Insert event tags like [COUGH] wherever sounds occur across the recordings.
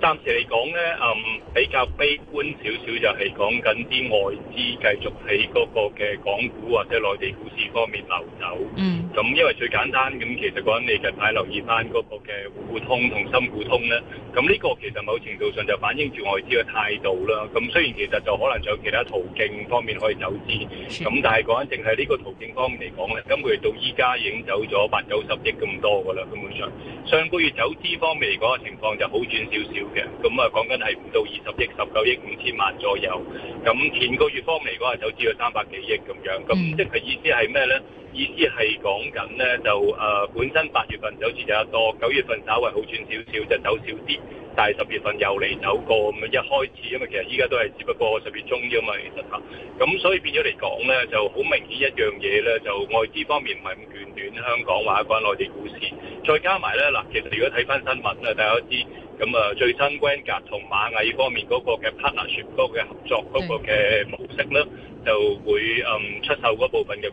暫時嚟講咧，嗯，比較悲觀少少，就係講緊啲外資繼續喺嗰個嘅港股或者內地股市方面流走。嗯，咁因為最簡單，咁其實講緊你近排留意翻嗰個嘅。互通同深股通咧，咁呢個其實某程度上就反映住外資嘅態度啦。咁雖然其實就可能仲有其他途徑方面可以走資，咁但係講緊淨係呢個途徑方面嚟講咧，今個月到依家已經走咗八九十億咁多噶啦，根本上上個月走資方面嚟講個情況就好轉少少嘅。咁啊，講緊係唔到二十億、十九億五千萬左右。咁前個月方面嚟講啊，走資有三百幾億咁樣。咁即係意思係咩咧？嗯意思係講緊咧，就誒、呃、本身八月份就好似走得多，九月份稍微好轉少少，就走少啲，但係十月份又嚟走過咁啊！一開始，因為其實依家都係只不過十月中啫嘛，其實嚇，咁所以變咗嚟講咧，就好明顯一樣嘢咧，就外資方面唔係咁眷戀香港或者關內地股市，再加埋咧嗱，其實如果睇翻新聞咧，大家都知咁啊，最新 g e n 同螞蟻方面嗰個嘅 partnership 嘅合作嗰個嘅模式咧，就會嗯出售嗰部分嘅。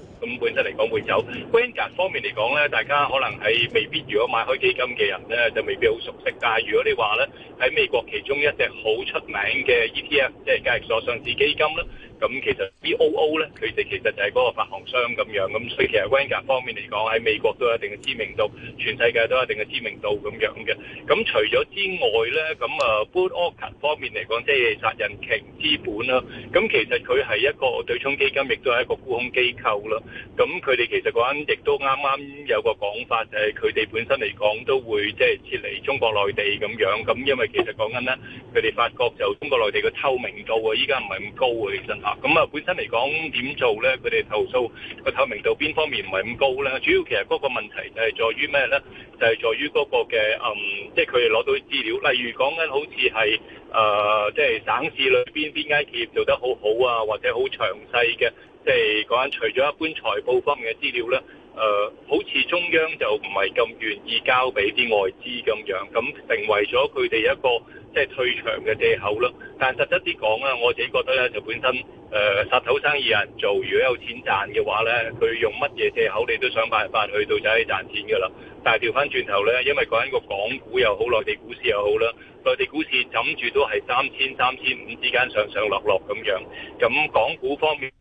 咁本身嚟講會有 Vanguard 方面嚟講咧，大家可能係未必，如果買開基金嘅人咧，就未必好熟悉。但係如果你話咧，喺美國其中一隻好出名嘅 ETF，即係交易所上市基金呢，咁其實 VOO 咧，佢哋其實就係嗰個發行商咁樣。咁所以其實 Vanguard 方面嚟講喺美國都有一定嘅知名度，全世界都有一定嘅知名度咁樣嘅。咁除咗之外咧，咁啊 Blue Orca 方面嚟講，即係殺人鯨資本啦。咁其實佢係一個對沖基金，亦都係一個沽空機構啦。咁佢哋其實講緊，亦都啱啱有個講法，就係佢哋本身嚟講都會即係撤離中國內地咁樣。咁因為其實講緊咧，佢哋發覺就中國內地個透明度啊，依家唔係咁高啊，其實嚇。咁啊，本身嚟講點做咧？佢哋投訴個透明度邊方面唔係咁高咧？主要其實嗰個問題就係在於咩咧？就係在於嗰個嘅嗯，即係佢哋攞到啲資料，例如講緊好似係誒，即係省市裏邊邊間企業做得好好啊，或者好詳細嘅。即係講緊，那人除咗一般財報方面嘅資料咧，誒、呃，好似中央就唔係咁願意交俾啲外資咁樣，咁成為咗佢哋一個即係、就是、退場嘅借口咯。但係實質啲講咧，我自己覺得咧，就本身誒、呃、殺頭生意人做，如果有錢賺嘅話咧，佢用乜嘢借口，你都想辦法去到仔去賺錢㗎啦。但係調翻轉頭咧，因為講緊個港股又好，內地股市又好啦，內地股市枕住都係三千、三千五之間上上落落咁樣，咁港股方面。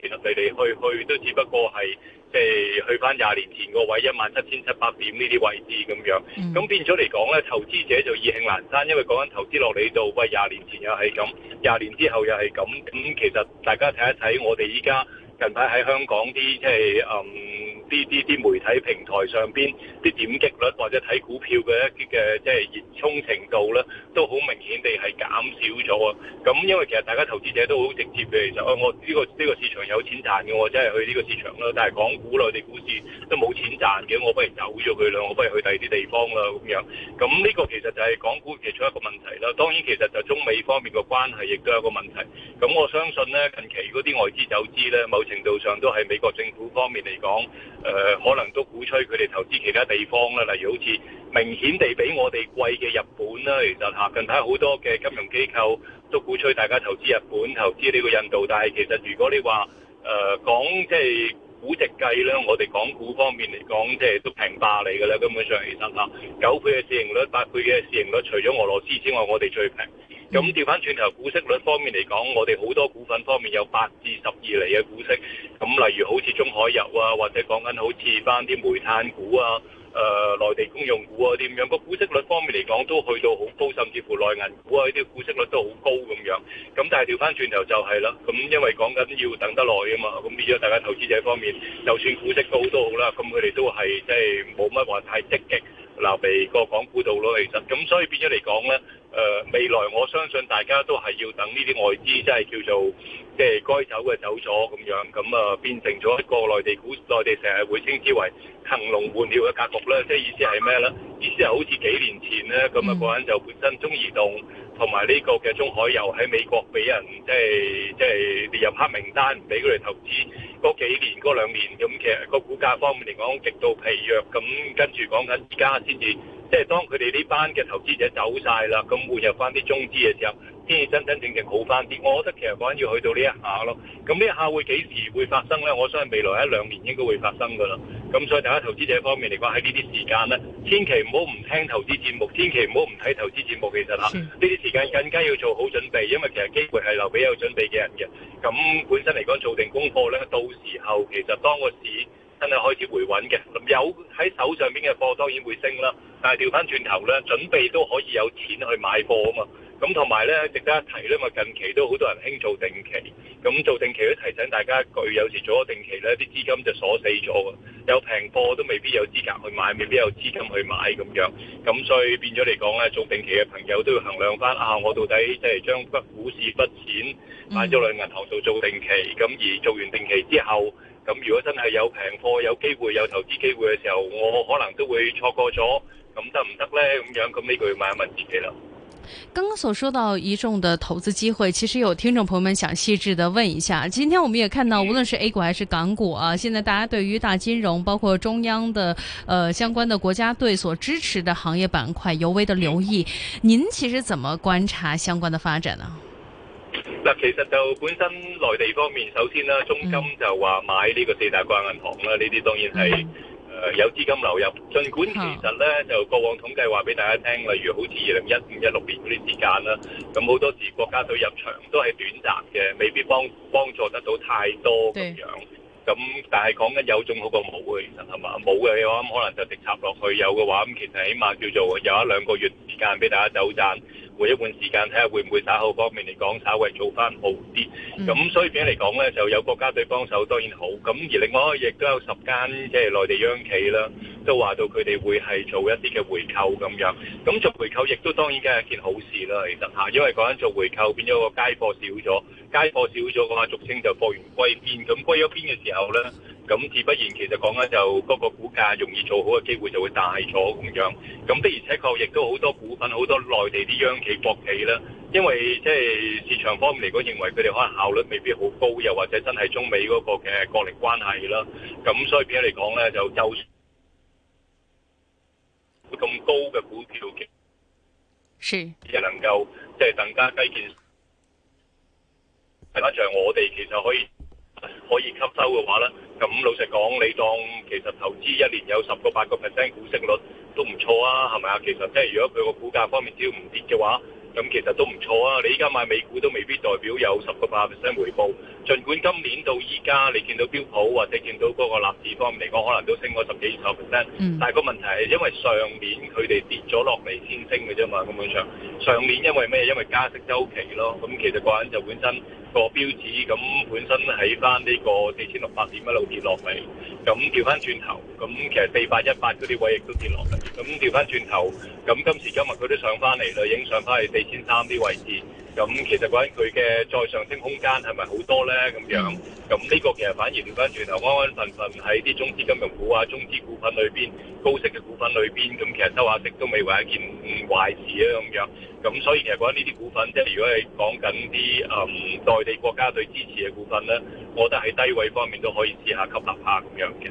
其實你哋去去都只不過係即係去翻廿年前個位一萬七千七百點呢啲位置咁樣，咁、mm. 變咗嚟講咧，投資者就意興闌珊，因為講緊投資落你度，喂廿年前又係咁，廿年之後又係咁，咁其實大家睇一睇我哋依家近排喺香港啲即係嗯。就是 um, 啲啲啲媒體平台上邊啲點擊率或者睇股票嘅一啲嘅即係熱衷程度咧，都好明顯地係減少咗啊！咁因為其實大家投資者都好直接嘅，其實誒，我呢個呢個市場有錢賺嘅，我真係去呢個市場啦。但係港股內地股市都冇錢賺嘅，我不如走咗佢啦，我不如去第二啲地方啦咁樣。咁呢個其實就係港股其中一個問題啦。當然其實就中美方面嘅關係亦都有一個問題。咁我相信咧，近期嗰啲外資走資咧，某程度上都係美國政府方面嚟講。誒、呃、可能都鼓吹佢哋投資其他地方啦，例如好似明顯地比我哋貴嘅日本啦，其實嚇近睇好多嘅金融機構都鼓吹大家投資日本、投資呢個印度，但係其實如果你話誒、呃、講即係估值計咧，我哋港股方面嚟講，即係都平霸你㗎啦，根本上其實嚇九倍嘅市盈率、八倍嘅市盈率，除咗俄羅斯之外，我哋最平。咁調翻轉頭股息率方面嚟講，我哋好多股份方面有八至十二釐嘅股息，咁例如好似中海油啊，或者講緊好似翻啲煤炭股啊、誒內地公用股啊啲咁樣，個股息率方面嚟講都去到好高，甚至乎內銀股啊呢啲股息率都好高咁樣。咁但係調翻轉頭就係啦，咁因為講緊要等得耐啊嘛，咁變咗大家投資者方面，就算股息高都好啦，咁佢哋都係即係冇乜話太積極，留喺個港股度咯。其實，咁所以變咗嚟講咧。誒、呃、未來我相信大家都係要等呢啲外資，即係叫做即係該走嘅走咗咁樣，咁啊、呃、變成咗一個內地股，內地成日會稱之為騰籠換鳥嘅格局啦。即係意思係咩咧？意思係好似幾年前咧，咁、那、啊個人就本身中移動同埋呢個嘅中海油喺美國俾人即係即係列入黑名單，唔俾佢哋投資。嗰幾年嗰兩年咁，其實那個股價方面嚟講極度疲弱。咁跟住講緊而家先至。即係當佢哋呢班嘅投資者走晒啦，咁會入翻啲中資嘅時候，先至真真正正好翻啲。我覺得其實講緊要去到呢一下咯。咁呢一下會幾時會發生呢？我相信未來一兩年應該會發生噶啦。咁所以大家投資者方面嚟講，喺呢啲時間呢，千祈唔好唔聽投資節目，千祈唔好唔睇投資節目。其實嚇，呢啲的時間更加要做好準備，因為其實機會係留俾有準備嘅人嘅。咁本身嚟講做定功課呢，到時候其實當個市真係開始回穩嘅，咁有喺手上邊嘅貨當然會升啦。但係調翻轉頭咧，準備都可以有錢去買貨啊嘛。咁同埋咧，值得一提咧，近期都好多人興做定期。咁做定期都提醒大家一句，有時做咗定期咧，啲資金就鎖死咗，有平貨都未必有資格去買，未必有資金去買咁樣。咁所以變咗嚟講咧，做定期嘅朋友都要衡量翻啊，我到底即係將筆股市筆錢擺咗落銀行度做，做定期。咁而做完定期之後，咁如果真係有平貨，有機會有投資機會嘅時候，我可能都會錯過咗。咁得唔得呢？咁樣，咁呢個要問一問自己啦。剛剛所說到一眾的投資機會，其實有聽眾朋友們想細緻的問一下，今天我們也看到，嗯、無論是 A 股還是港股啊，現在大家對於大金融，包括中央的，呃相關的國家隊所支持的行業板塊，尤為的留意。嗯、您其實怎麼觀察相關的發展呢、啊？嗱，其實就本身內地方面，首先咧、啊，中金就話買呢個四大國有銀行啦，呢啲，嗯、當然係。嗯誒有資金流入，儘管其實咧就過往統計話俾大家聽，例如好似二零一五一六年嗰啲時間啦，咁好多時國家隊入場都係短暫嘅，未必幫，幫助得到太多咁對樣。咁但係講緊有總好過冇嘅，其實係嘛，冇嘅嘅話咁可能就直插落去，有嘅話咁其實起碼叫做有一兩個月時間俾大家走賺。每一半時間，睇下會唔會稍好方，方面嚟講，稍為做翻好啲。咁、嗯、所以點樣嚟講呢，就有國家隊幫手當然好。咁而另外一個亦都有十間即係內地央企啦，都話到佢哋會係做一啲嘅回購咁樣。咁做回購亦都當然梗係一件好事啦，其實嚇，因為講緊做回購變咗個街貨少咗，街貨少咗嘅話，俗稱就貨源歸邊。咁歸咗邊嘅時候呢？咁自不然，其實講緊就嗰個股價容易做好嘅機會就會大咗咁樣。咁的而且確亦都好多股份，好多內地啲央企、國企啦。因為即係市場方面嚟講，認為佢哋可能效率未必好高，又或者真係中美嗰個嘅國力關係啦。咁所以變咗嚟講咧，就就咁高嘅股票，是亦能夠即係更加低見。係啦，就像我哋其實可以可以吸收嘅話咧。咁老實講，你當其實投資一年有十個八個 percent 股息率都唔錯啊，係咪啊？其實即係如果佢個股價方面只要唔跌嘅話。咁其實都唔錯啊！你依家買美股都未必代表有十個八 percent 回報。儘管今年到依家，你見到標普或者見到嗰個納指方面嚟講，可能都升過十幾二十 percent，但係個問題係因為上年佢哋跌咗落尾先升嘅啫嘛。根本上上年因為咩？因為加息周期咯。咁其實個人就本身個標指咁本身喺翻呢個四千六百點一路跌落嚟，咁調翻轉頭，咁其實四百一八嗰啲位亦都跌落嚟，咁調翻轉頭。咁今時今日佢都上翻嚟啦，已經上翻去四千三啲位置。咁其實講緊佢嘅再上升空間係咪好多咧？咁樣，咁呢個其實反而調翻轉頭安安分分喺啲中資金融股啊、中資股份裏面、高息嘅股份裏面。咁其實收下息都未為一件壞事啊。咁樣，咁所以其實講緊呢啲股份，即係如果係講緊啲、嗯、內地國家對支持嘅股份咧，我覺得喺低位方面都可以試下吸納下咁樣嘅。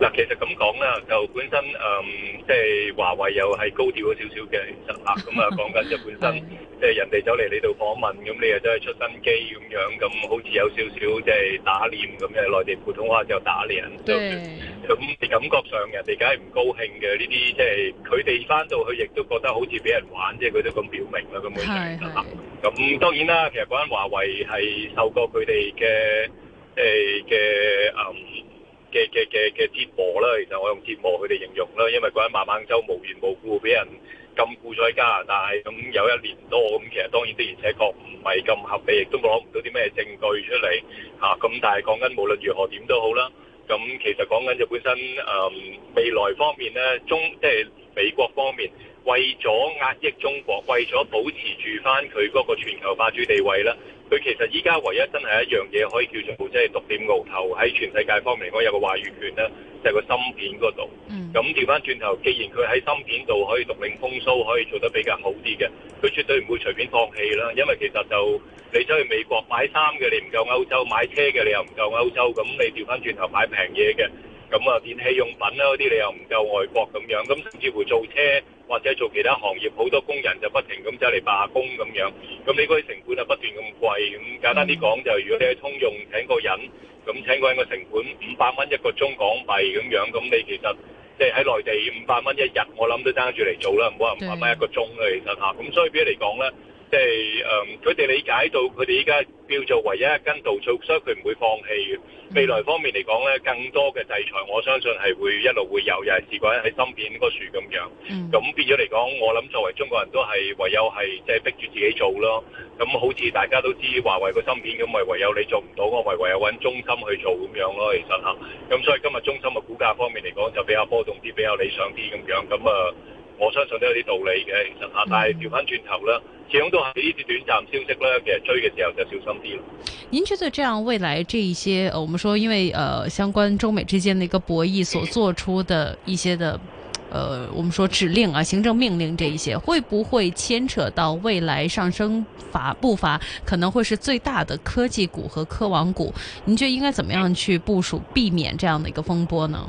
嗱，其實咁講啦，就本身誒，即、嗯、係、就是、華為又係高調咗少少嘅，實啊，咁啊講緊即本身，即係 [LAUGHS] 人哋走嚟你度訪問，咁 [LAUGHS] 你又真係出新機咁樣，咁好似有少少即係打臉咁嘅內地普通話就打臉，咁對感覺上人哋梗係唔高興嘅呢啲，即係佢哋返到去亦都覺得好似俾人玩，即係佢都咁表明啦，咁樣咁當然啦，其實講緊華為係受過佢哋嘅誒嘅誒，呃嘅嘅嘅嘅折磨啦，其實我用折磨佢哋形容啦，因為嗰陣孟晚舟無緣無故俾人禁錮咗喺加拿大，咁有一年多，咁其實當然的而且確唔係咁合理，亦都攞唔到啲咩證據出嚟，吓、啊。咁但係講緊無論如何點都好啦，咁其實講緊就本身誒、嗯、未來方面咧，中即係美國方面為咗壓抑中國，為咗保持住翻佢嗰個全球霸主地位啦。佢其實依家唯一真係一樣嘢可以叫做即係獨佔鰲頭喺全世界方面嚟講有個話語權咧，就係個芯片嗰度。咁調翻轉頭，既然佢喺芯片度可以獨領風騷，可以做得比較好啲嘅，佢絕對唔會隨便放棄啦。因為其實就你走去美國買衫嘅，你唔夠歐洲買車嘅，你又唔夠歐洲咁，你調翻轉頭買平嘢嘅。咁啊，電器用品啦嗰啲，你又唔夠外國咁樣，咁甚至乎做車或者做其他行業，好多工人就不停咁走嚟罷工咁樣，咁你嗰啲成本就不斷咁貴，咁簡單啲講就，mm. 如果你係通用請個人，咁請個人嘅成本五百蚊一個鐘港幣咁樣，咁你其實即係喺內地五百蚊一日，我諗都爭住嚟做啦，唔好話五百蚊一個鐘啦，mm. 其實嚇，咁所以比如嚟講咧。即係誒，佢哋理解到佢哋依家叫做唯一一根稻草，所以佢唔會放棄嘅。未來方面嚟講咧，更多嘅制裁，我相信係會一路會有，又係試過，喺芯片嗰樹咁樣。咁變咗嚟講，我諗作為中國人都係唯有係即係逼住自己做咯。咁好似大家都知華為個芯片咁，咪唯有你做唔到，我咪唯有搵中芯去做咁樣咯。其實吓，咁所以今日中芯嘅股價方面嚟講，就比較波動啲，比較理想啲咁樣。咁啊。我相信都有啲道理嘅，其實啊，但係調翻轉頭啦，始終都係呢啲短暫消息啦，其實追嘅時候就小心啲咯。您覺得這樣未來這一些，我們說因為呃相關中美之間的一個博弈所做出的一些的，呃，我們說指令啊、行政命令這一些，會不會牽扯到未來上升法步伐可能會是最大的科技股和科網股？您覺得應該怎麼樣去部署，避免這樣的一個風波呢？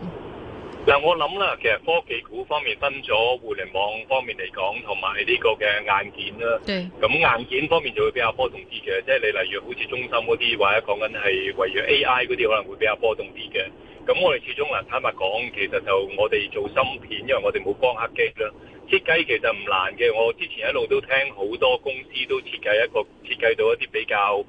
但我諗啦，其實科技股方面分咗互聯網方面嚟講，同埋呢個嘅硬件啦。對。咁硬件方面就會比較波動啲嘅，即係你例如好似中心嗰啲或者講緊係圍繞 AI 嗰啲，可能會比較波動啲嘅。咁我哋始終嗱，坦白講，其實就我哋做芯片，因為我哋冇光刻機啦，設計其實唔難嘅。我之前一路都聽好多公司都設計一個設計到一啲比較。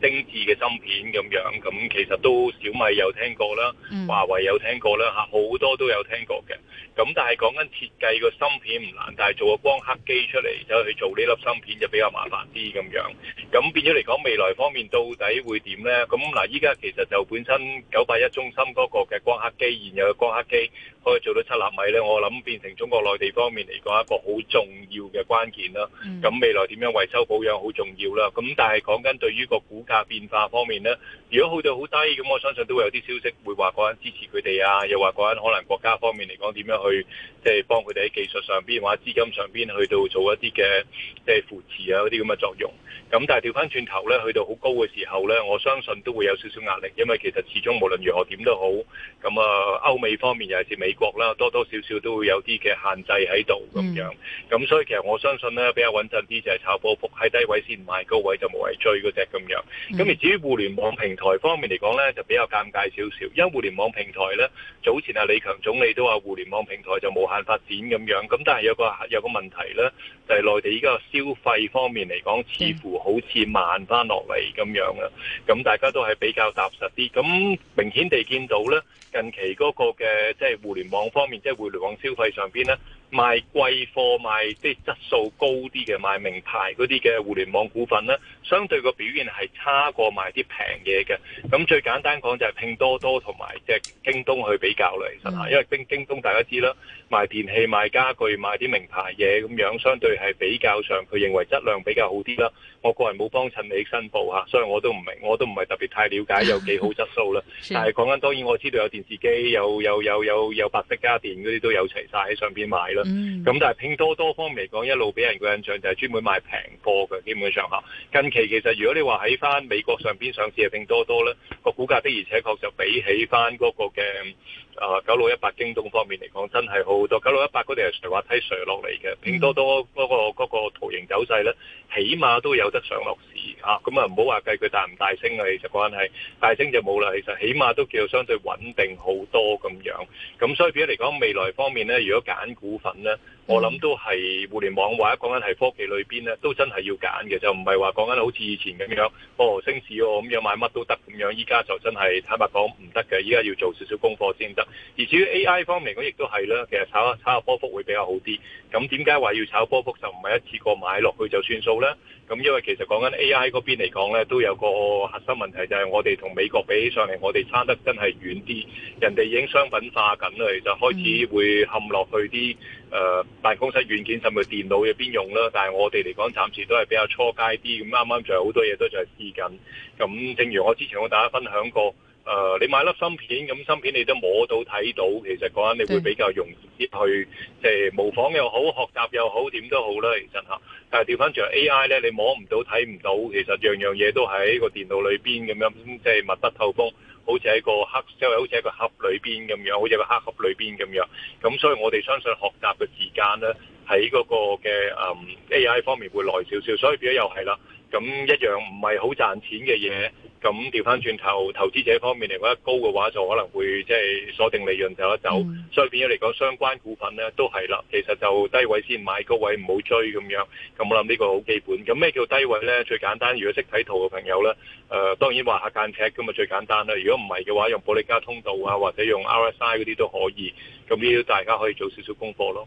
誒精緻嘅芯片咁樣，咁其實都小米有聽過啦，華為有聽過啦嚇，好多都有聽過嘅。咁但係講緊設計個芯片唔難，但係做個光刻機出嚟，就去做呢粒芯片就比較麻煩啲咁樣。咁變咗嚟講，未來方面到底會點呢？咁嗱，依家其實就本身九八一中心嗰個嘅光刻機，現有嘅光刻機。可以做到七納米咧，我諗變成中國內地方面嚟講一個好重要嘅關鍵啦。咁未來點樣維修保養好重要啦。咁但係講緊對於個股價變化方面咧，如果去到好低咁，我相信都會有啲消息會話嗰陣支持佢哋啊，又話嗰陣可能國家方面嚟講點樣去即係幫佢哋喺技術上邊或者資金上邊去到做一啲嘅即係扶持啊嗰啲咁嘅作用。咁但係調翻轉頭咧，去到好高嘅時候咧，我相信都會有少少壓力，因為其實始終無論如何點都好，咁啊歐美方面又係美。美國啦，多多少少都會有啲嘅限制喺度咁樣，咁、嗯、所以其實我相信呢，比較穩陣啲就係炒波幅，喺低位先買，高位就冇謂追嗰隻咁樣。咁、嗯、而至於互聯網平台方面嚟講呢就比較尷尬少少，因為互聯網平台呢，早前阿李強總理都話互聯網平台就無限發展咁樣，咁但係有個有個問題呢，就係內地依家消費方面嚟講，似乎好似慢翻落嚟咁樣啦。咁大家都係比較踏實啲，咁明顯地見到呢，近期嗰個嘅即係互聯。互聯網方面，即係互聯網消費上邊咧。賣貴貨、賣啲質素高啲嘅、賣名牌嗰啲嘅互聯網股份呢，相對個表現係差過賣啲平嘢嘅。咁最簡單講就係拼多多同埋即係京東去比較咯，其實吓，因為京京東大家知啦，賣電器、賣家具、賣啲名牌嘢咁樣，相對係比較上佢認為質量比較好啲啦。我個人冇幫襯你申報吓，所以我都唔明，我都唔係特別太了解有幾好質素啦。 [LAUGHS] 的但係講緊，當然我知道有電視機、有有有有有白色家電嗰啲都有齊晒喺上邊買咯。咁、嗯、但係拼多多方面嚟講，一路俾人個印象就係專門賣平貨嘅，基本上吓，近期其實如果你話喺翻美國上邊上市嘅拼多多咧，個股價的而且確就比起翻嗰個嘅。啊、呃！九六一八，京東方面嚟講真係好好多。嗯、九六一八嗰啲係上滑梯上落嚟嘅，拼、嗯、多多嗰、嗰個嗰、嗰個圖形、嗰個、走勢咧，起碼都有得上落市啊咁啊，唔好話計佢大唔大升啊，其實關係大升就冇啦。其實起碼都叫相對穩定好多咁樣。咁所以譬如嚟講，未來方面咧，如果揀股份咧。我諗都係互聯網話，講緊係科技裏邊咧，都真係要揀嘅，就唔係話講緊好似以前咁樣，哦升市喎、哦，咁樣買乜都得咁樣。依家就真係坦白講唔得嘅，依家要做少少功課先得。而至於 AI 方面，咁亦都係啦，其實炒炒下波幅會比較好啲。咁點解話要炒波幅就唔係一次過買落去就算數咧？咁因為其實講緊 AI 嗰邊嚟講咧，都有個核心問題，就係、是、我哋同美國比起上嚟，我哋差得真係遠啲。人哋已經商品化緊啦，就開始會冚落去啲誒、呃、辦公室軟件，甚至電腦入邊用啦。但係我哋嚟講，暫時都係比較初階啲。咁啱啱仲有好多嘢都係試緊。咁正如我之前同大家分享過，誒、呃、你買粒芯片，咁芯片你都摸到睇到，其實講緊你會比較容易啲去即係、就是、模仿又好，學習又好，點都好啦，其實吓但係調翻轉，A I 咧你摸唔到、睇唔到，其實樣樣嘢都喺個電腦裏邊咁樣，即係密不透風，好似喺個黑，即係好似喺個盒裏邊咁樣，好似個黑盒裏邊咁樣。咁所以我哋相信學習嘅時間咧，喺嗰個嘅嗯 A I 方面會耐少少。所以變咗又係啦，咁一樣唔係好賺錢嘅嘢。咁調翻轉頭，投資者方面嚟講，高嘅話就可能會即係鎖定利潤就一走，所以變咗嚟講，相關股份咧都係啦。其實就低位先買，高位唔好追咁樣。咁我諗呢個好基本。咁咩叫低位咧？最簡單，如果識睇圖嘅朋友咧，誒、呃、當然畫下間尺咁啊，最簡單啦。如果唔係嘅話，用保歷加通道啊，或者用 RSI 嗰啲都可以。咁呢啲大家可以做少少功課咯。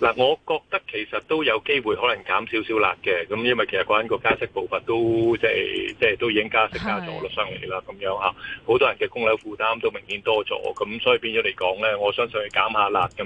嗱，我覺得其實都有機會可能減少少辣嘅，咁因為其實講緊個加息步伐都即係即係都已經加息加咗啦，的上嚟啦咁樣嚇，好多人嘅供樓負擔都明顯多咗，咁所以變咗嚟講咧，我相信佢減下辣，咁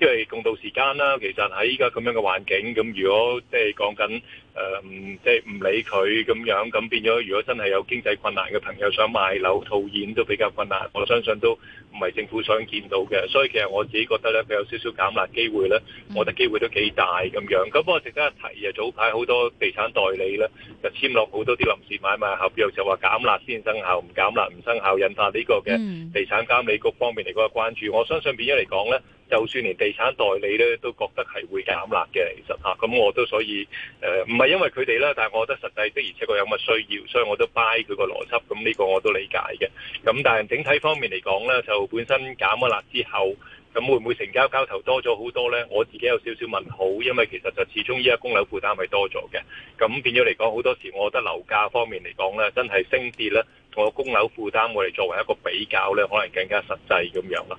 因為共度時間啦，其實喺依家咁樣嘅環境，咁如果即係講緊。誒唔即係唔理佢咁樣，咁變咗如果真係有經濟困難嘅朋友想買樓套現都比較困難，我相信都唔係政府想見到嘅，所以其實我自己覺得咧，佢有少少減辣機會咧，我覺得機會都幾大咁樣。咁不過值得一提就早排好多地產代理咧，就簽落好多啲臨時買賣合約，就話減辣先生效，唔減辣唔生效，引發呢個嘅地產監理局方面嚟講嘅關注。我相信變咗嚟講咧。就算連地產代理咧，都覺得係會減辣嘅，其實嚇，咁、啊、我都所以誒，唔、呃、係因為佢哋啦，但係我覺得實際的而且確有乜需要，所以我都 buy 佢個邏輯，咁呢個我都理解嘅。咁但係整體方面嚟講咧，就本身減咗辣之後，咁會唔會成交交投多咗好多咧？我自己有少少問號，因為其實就始終依家供樓負擔係多咗嘅，咁變咗嚟講，好多時候我覺得樓價方面嚟講咧，真係升跌咧，同個供樓負擔我哋作為一個比較咧，可能更加實際咁樣咯。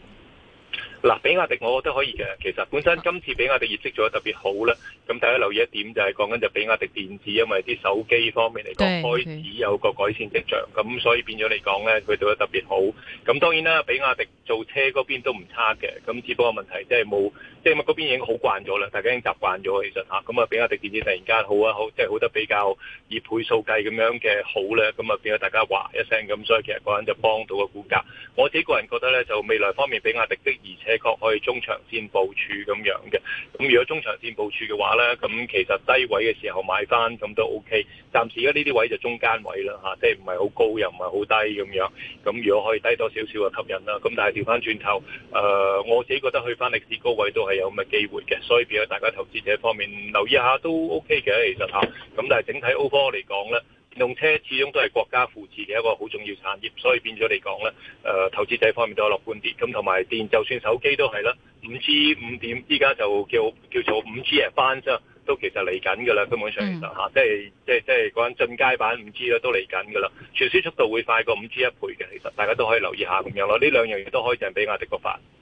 嗱，比亞迪我覺得可以嘅，其實本身今次比亞迪業績做得特別好呢。咁大家留意一點就係講緊就比亞迪電子，因為啲手機方面嚟講開始有個改善跡象，咁對所以變咗嚟講咧，佢做得特別好。咁當然啦，比亞迪做車嗰邊都唔差嘅，咁只不過問題即係冇，即係咪嗰邊已經好慣咗啦，大家已經習慣咗其實吓，咁啊比亞迪電子突然間好啊好，即係好得比較以倍數計咁樣嘅好咧，咁啊變咗大家哇一聲，咁所以其實個人就幫到個股價。我自己個人覺得咧，就未來方面，比亞迪的而且。的確可以中長線部署咁樣嘅，咁如果中長線部署嘅話呢咁其實低位嘅時候買翻咁都 OK。暫時而家呢啲位就中間位啦，吓，即係唔係好高又唔係好低咁樣。咁如果可以低多少少嘅吸引啦。咁但係調翻轉頭，誒、呃，我自己覺得去翻歷史高位都係有咁嘅機會嘅，所以俾咗大家投資者方面留意下都 O K 嘅，其實吓。咁、啊、但係整體 O P 嚟講呢。電動車始終都係國家扶持嘅一個好重要產業，所以變咗嚟講咧，誒、呃，投資者方面都有樂觀啲。咁同埋電，就算手機都係啦，五 G 五點，依家就叫叫做五 G Advanced，都其實嚟緊噶啦。根本上其實吓，即係即係即係講進階版五 G 啦，都嚟緊噶啦。傳輸速度會快過五 G 一倍嘅，其實大家都可以留意下咁樣咯。呢兩樣嘢都可以淨係比亞迪國法。